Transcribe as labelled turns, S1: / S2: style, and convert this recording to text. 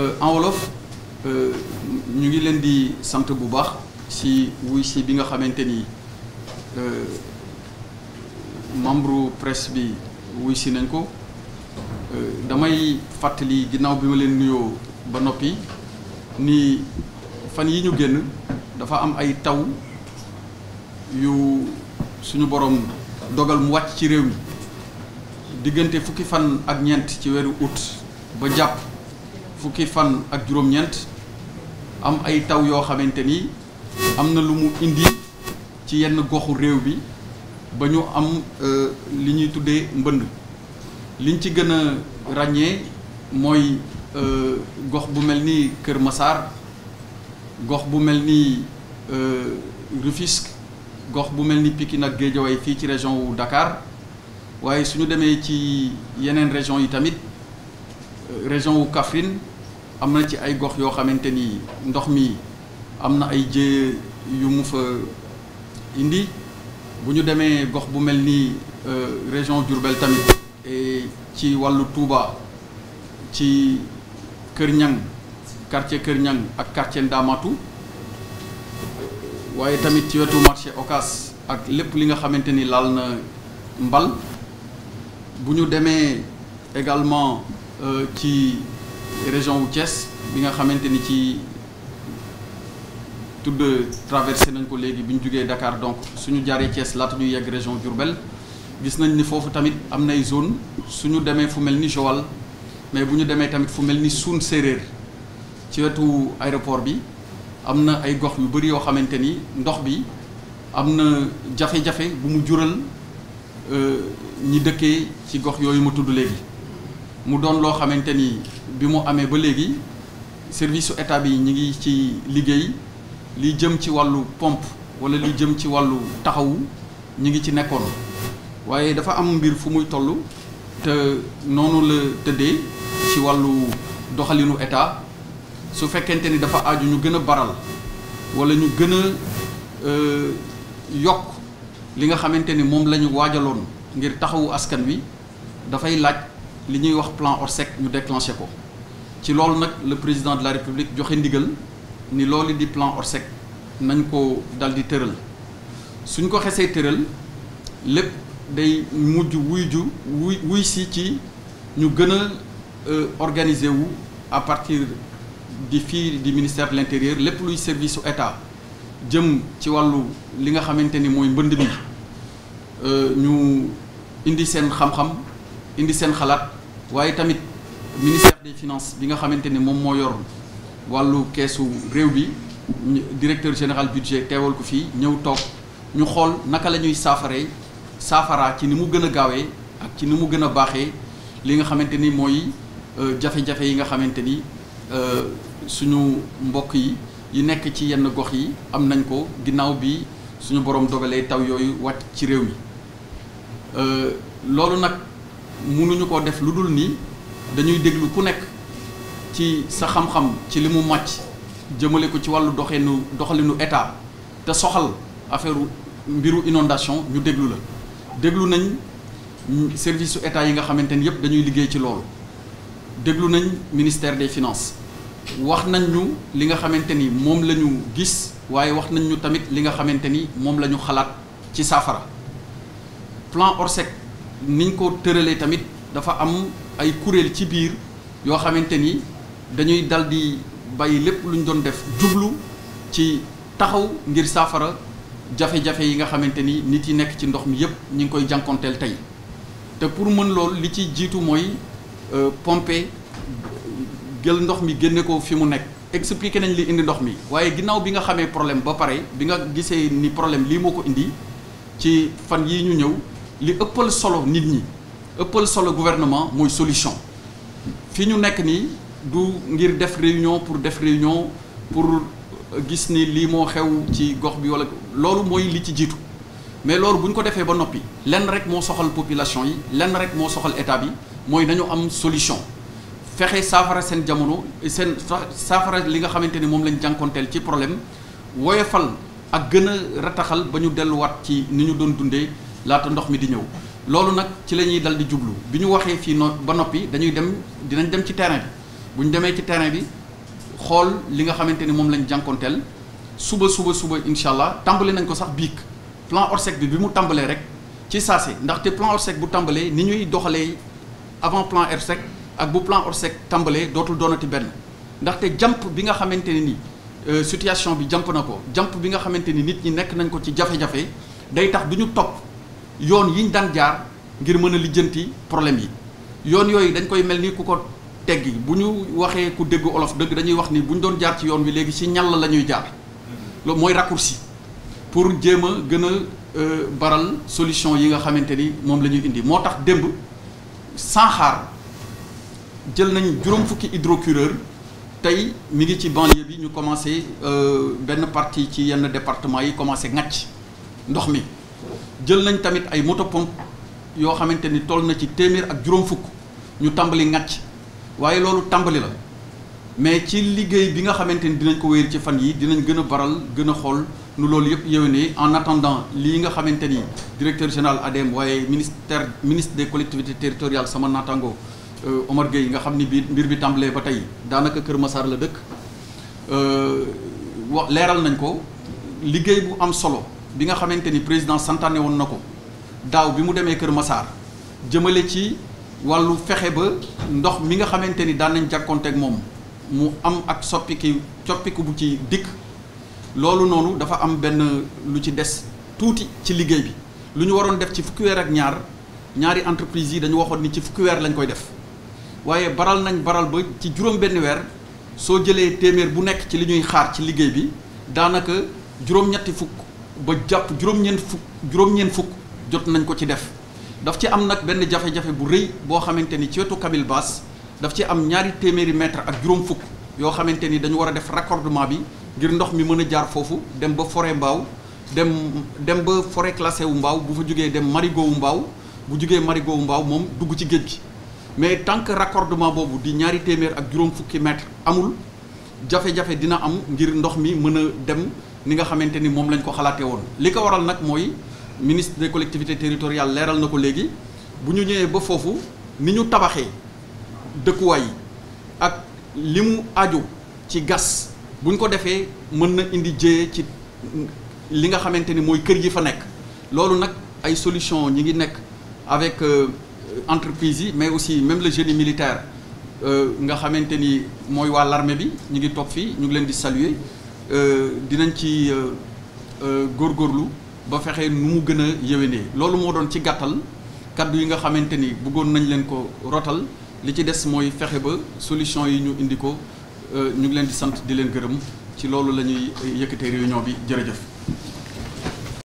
S1: Euh, en wolof euh, ñu ngi leen di sant bu baax si wuy si bi nga xamante ni euh, membre presse bi wuy si nañ ko damay fàttali ginnaaw bi ma leen nuyoo ba noppi ni fan yi ñu génn dafa am ay taw yu suñu borom dogal mu wàcc ci réew mi diggante fukki fan ak ñeent ci weeru août ba jàpp fukki fan ak juróom-ñeent am ay taw yoo xamante ni am na lu mu indi ci yenn goxu réew bi ba ñu am euh, li ñuy tuddee mbënd liñ ci gën a ràññee mooy euh, gox bu mel ni Kër Massar gox bu mel ni euh, Rufisque gox bu mel ni Pikine ak Guédiawaye fii ci région wu Dakar waaye su ñu demee ci yeneen région yi tamit région wu Kaffrine am na ci ay gox yoo xamante ni ndox mi am na ay jéye yu mu fa indi bu ñu demee gox bu mel ni euh, région Diourbel tamit ci wàllu Touba ci Kër Ñang quartier Kër Ñang ak quartier Ndaamatu waaye tamit ci wetu marché Ocass ak lépp li nga xamante ni laal na mbal bu ñu demee également euh, ci. région wu cees bi nga xamante ni ci tudd traversé nañ ko léegi bi ñu jugee Dakar donc suñu jaaree cees laata ñu yegg région Diourbel gis nañ ni foofu tamit am na nay zone suñu demee fu mel ni Joal mais bu ñu demee tamit fu mel ni Suun Séeréer ci wetu aéroport bi am na ay gox yu bëri yoo xamante ni ndox bi am na jafe-jafe bu mu jural euh, ñi dëkkee ci gox yooyu ma tudd léegi mu doon loo xamante ni bi mu amee ba léegi service su état bi ñu ngi ci liggéey li jëm ci wàllu pomp wala li jëm ci wàllu taxawu ñu ngi ci nekkoon waaye dafa am mbir fu muy tollu te noonu la tëddee ci wàllu doxalinu état su fekkente ni dafa aju ñu gën a baral wala ñu gën a euh, yokk li nga xamante ni moom la ñu waajaloon ngir taxawu askan wi dafay laaj. li ñuy wax plan Orsec ñu déclenché ko ci loolu nag le président de la république joxe ndigal ni loolu di plan Orsec nañ ko dal di tëral suñ ko xesee tëral lépp day mujj wuy ju wuy wuy si ci ñu gën a euh, organiser wu à partir di fii di ministère de l'intérieur lépp luy service su état jëm ci wàllu li nga xamante ni mooy mbënd mi euh, ñu indi seen xam-xam indi seen xalaat waaye tamit ministère des finances bi nga xamante ni moom moo yor wàllu keesu réew bi directeur général budget teewal ko fii ñëw toog ñu xool naka la ñuy saafaree saafaraa ci ni mu gën a gaawee ak ci ni mu gën a baaxee li nga xamante ni mooy euh, jafe-jafe yi nga xamante ni euh, suñu mbokk yi yi nekk ci yenn gox yi am nañ ko ginnaaw bi suñu borom dogalee taw yooyu wàcc ci réew mi euh, loolu nag. mënuñu ko def lu dul nii dañuy déglu ku nekk ci sa xam-xam ci li mu màcc jëmale ko ci wàllu doxalinu doxalinu état te soxal affaire mbiru inondation ñu déglu la déglu nañ service su état yi nga xamante ni yëpp dañuy liggéey ci loolu déglu nañ ministère des finances wax nañ ñu li nga xamante ni moom lañu gis waaye wax nañ ñu tamit li nga xamante ni moom la ñu xalaat ci saafara plan Orsec niñ ko tëralee tamit dafa am ay kuréel ci biir yoo xamante ni dañuy dal di bàyyi lépp lu ñu doon def jublu ci taxaw ngir saafara jafe-jafe yi nga xamante ni nit yi nekk ci ndox mi yépp ñu ngi koy jànkonteel tey te pour mën lool li ci jiitu mooy euh, pompe gël ndox mi génne ko fi mu nekk expliqué nañ li indi ndox mi waaye ginnaaw bi nga xamee problème ba pare bi nga gisee ni problème lii moo ko indi ci fan yii ñu ñëw li ëppal solo nit ñi ëppal solo gouvernement mooy solution fi ñu nekk nii du ngir def réunion pour def réunion pour gis ni lii moo xew ci gox bi walla loolu mooy li ci jiitu mais loolu bu ñu ko defee ba noppi lenn rek moo soxal population yi lenn rek moo soxal état bi mooy nañu am solution fexe saafara seen jamono seen saafara li nga xamante ni moom lañ jànkonteel ci problème woyofal ak gën a rataxal ba ñu delluwaat ci ni ñu doon dundee laata ndox mi di ñëw loolu nag ci la ñuy dal di jublu bi ñu waxee fii no ba noppi dañuy dem dinañ dem ci terrain bi bu ñu demee ci terrain bi xool li nga xamante ni moom lañ jànkonteel suba suba suba incha allah tàmbali nañ ko sax biig plan Orsec bi bi mu tàmbalee rek ci saase ndaxte plan Orsec bu tàmbalee ni ñuy doxalee avant plan Orsec ak bu plan Orsec tàmbalee dootul doonati benn ndaxte jàmp bi nga xamante ne ni euh, situation bi jàmp na ko jàmp bi nga xamante ni nit ñi nekk nañ ko ci jafe day tax du ñu topp. yoon yi ñu daan jaar ngir mën a lijjanti problème yi yoon yooyu dañ koy mel ni ku ko teggi bu ñu waxee ku dégg olof dëgg dañuy wax nii bu ñu doon jaar ci yoon wi léegi ci ñàll la ñuy jaar loolu mooy raccourci pour jéem a gën a euh, baral solution yi nga xamante ni moom la ñuy indi moo tax démb sans xaar jël nañ juróom fukki hydrocureur tey mi ngi ci banlieue bi ñu commencé euh, benn partie ci yenn département yi commencé ŋàcc ndox mi jël nañ tamit ay moto pompe yoo xamante ni toll na ci téeméer ak juróom fukk ñu tàmbali ngàcc waaye loolu tàmbali la mais ci liggéey bi nga xamante ni dinañ ko wéyal ci fan yi dinañ gën a baral gën a xool nu loolu yëpp yéwénee en attendant lii nga xamante ni directeur général ADM waaye ministère ministre de collectivités territoriales sama naataango euh, Omar Gueye nga xam ni bii mbir bi tàmbalee ba tey daanaka Kër masaar la dëkk euh, wax leeral nañ ko liggéey bu am solo. bi nga xamante ni président santaane woon na ko daaw bi mu demee Kër Massar jëmale ci wàllu fexe ba ndox mi nga xamante ni daan nañ jàkkoonteeg moom mu am ak soppiki coppiku bu ci dikk loolu noonu dafa am benn lu ci des tuuti ci liggéey bi lu ñu waroon def ci fukki weer ak ñaar ñaari entreprise yi dañu waxoon ni ci fukki weer lañ koy def waaye baral nañ baral ba ci juróom benn weer soo jëlee téeméer bu nekk ci li ñuy xaar ci liggéey bi daanaka juróom fukk ba jàpp juróom-ñeent fukk juróom-ñeent fukk jot nañ ko ci def daf ci am nag benn jafe-jafe bu rëy boo xamante ni ci wetu Kabil Baas daf ci am ñaari téeméeri mètre ak juróom fukk yoo xamante ni dañu war a def raccordement bi ngir ndox mi mën a jaar foofu dem ba forêt mbaaw dem dem ba forêt classée wu mbaaw bu fa jógee dem marigot wu mbaaw bu jógee marigot wu mbaaw moom dugg ci géej gi mais tant que raccordement boobu di ñaari téeméer ak juróom fukki mètre amul jafe dina am ngir ndox mi mën a dem ni nga xamante ni moom lañ ko xalaatee woon li ko waral nag mooy ministre des collectivité territoriales leeral na ko léegi bu ñu ñëwee ba foofu ni ñu tabaxee dëkkuwaay ak li mu aju ci gas buñ ko defee mën na indi jéyee ci li nga xamante ni mooy kër gi fa nekk loolu nag ay solution ñi ngi nekk avec euh, entreprise yi mais aussi même le génie militaire euh, nga xamante ni mooy waa l'armée bi ñu ngi toog fii ñu ngi leen di saluer Euh, dinañ ci euh, euh, góorlu ba fexe nu mu gën a yéwénee loolu moo doon ci gàttal kàddu yi nga xamante ni bëggoon nañu leen ko rotal li ci des mooy fexe ba solution yi ñu indi ko ñu ngi leen di sant di leen gërëm ci loolu la ñuy yëkkatee réunion bi jërëjëf.